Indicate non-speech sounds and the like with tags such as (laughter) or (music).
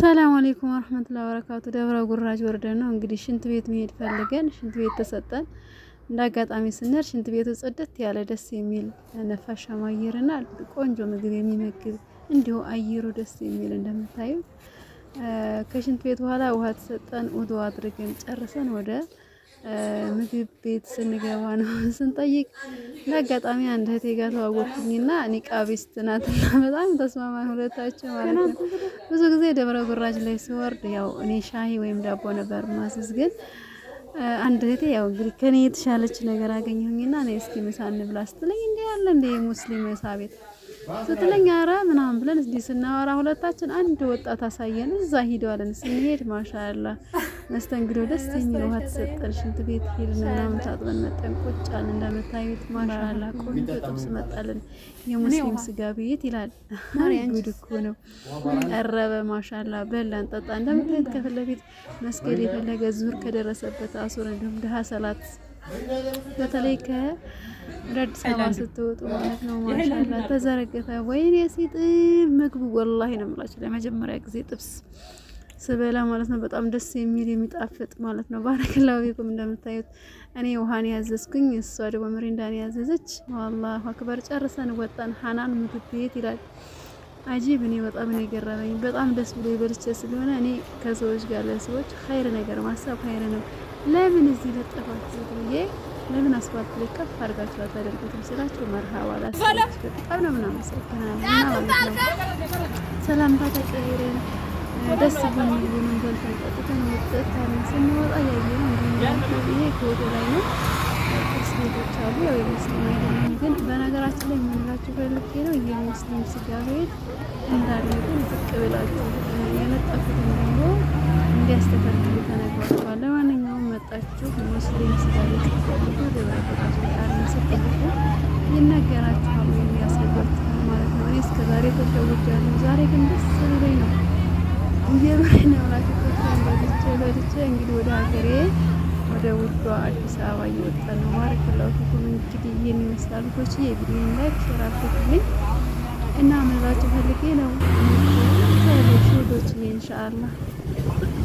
ሰላም አለይኩም ወራህመቱላሂ ወበረካቱ። ደብረ ጉራጅ ወርደን ነው እንግዲህ ሽንት ቤት መሄድ ፈልገን ሽንት ቤት ተሰጠን። እንደ አጋጣሚ ስንሄድ ሽንት ቤቱ ጽድት ያለ ደስ የሚል ነፋሻማ አየርና ቆንጆ ምግብ የሚመግብ እንዲሁ አየሩ ደስ የሚል እንደምታዩት ከሽንት ቤት በኋላ ውሃ ተሰጠን። ውዱ አድርገን ጨርሰን ወደ ምግብ ቤት ስንገባ ነው (laughs) ስንጠይቅ ለአጋጣሚ አንድ እህቴ ጋር ተዋወቅኩኝና ኒቃብ ስትናትና (laughs) በጣም ተስማማን ሁለታችን ማለት ነው። ብዙ ጊዜ ደብረ ጉራጅ ላይ ሲወርድ ያው እኔ ሻሂ ወይም ዳቦ ነበር ማስዝ ግን አንድ እህቴ ያው እንግዲህ ከኔ የተሻለች ነገር አገኘሁኝና እኔ እስኪ ምሳ እንብላ ስትለኝ እንዲህ ያለ እንደ ሙስሊም ምሳ ቤት ስትለኝ ኧረ ምናምን ብለን እንዲህ ስናወራ ሁለታችን አንድ ወጣት አሳየን። እዛ ሂደዋለን። ስንሄድ ማሻላ መስተንግዶ ደስ የሚል ውሃ ተሰጠን። ሽንት ቤት ሄድን ምናምን ታጥበን መጠን ቁጫን። እንደምታዩት ማሻላ ቆንጆ ጥብስ መጣልን። የሙስሊም ስጋ ቤት ይላል። ጉድ እኮ ነው። ቀረበ ማሻላ በላን፣ ጠጣ። እንደምታዩት ከፊት ለፊት መስገድ የፈለገ ዙር ከደረሰበት አሱር እንዲሁም ድሀ ሰላት በተለይ ከ ወደ አዲስ ስትወጡ ማለት ነው። ማሻላ ተዘረገፈ። ወይኔ ሲጥም ምግቡ ወላሂ ነው የምላችሁ። ለመጀመሪያ ጊዜ ጥብስ ስበላ ማለት ነው በጣም ደስ የሚል የሚጣፍጥ ማለት ነው። ባረከላሁ ፊኩም። እንደምታዩት እኔ ውሃን ያዘዝኩኝ፣ እሷ ደግሞ ምሪንዳን ያዘዘች። ዋላሁ አክበር። ጨርሰን ወጣን። ሀናን ምግብ ቤት ይላል። አጂብ እኔ በጣም ነው የገረመኝ። በጣም ደስ ብሎ ይበልቼ ስለሆነ እኔ ከሰዎች ጋር ለሰዎች ኸይር ነገር ማሰብ ኸይር ነው። ለምን እዚህ ለጠፋችሁ ብዬ ለምን አስፋልት ላይ ከፍ አድርጋችሁ አታደርጉትም ስላቸው መርሃባ ላስፋልት በጣም ነው ምናመሰግናለን ማለት ነው። ሰላምታ ተቀይረን ደስ በሚሉንም በልተን ጠጥተን ወጥተን ስንወጣ ያየን ይሄ ከወደ ላይ ነው። ቁርስ ቤቶች አሉ። ያው የሙስሊም አይደለም ግን በነገራችን ላይ የምንላችሁ ፈልጌ ነው የሙስሊም ስጋ ቤት እንዳለ ግን ዝቅ ብላችሁ የመጣችሁ ሙስሊም ስለሚፈልጉ ይነገራችኋል ወይም ያስረዳችኋል ማለት ነው። እኔ እስከ ዛሬ ተሸውጃለሁ። ዛሬ ግን ደስ ብሎኝ ነው እየበሬ ነው ላቸው በልቼ በልቼ እንግዲህ ወደ ሀገሬ ወደ ውዷ አዲስ አበባ እየወጣ ነው። ባረከላሁ ፊኩም እንግዲህ ይህን ይመስላል። ኮች የቪዲዮን ላይ ሸራፍትልኝ እና ምላችሁ ፈልጌ ነው ዶች ኢንሻአላህ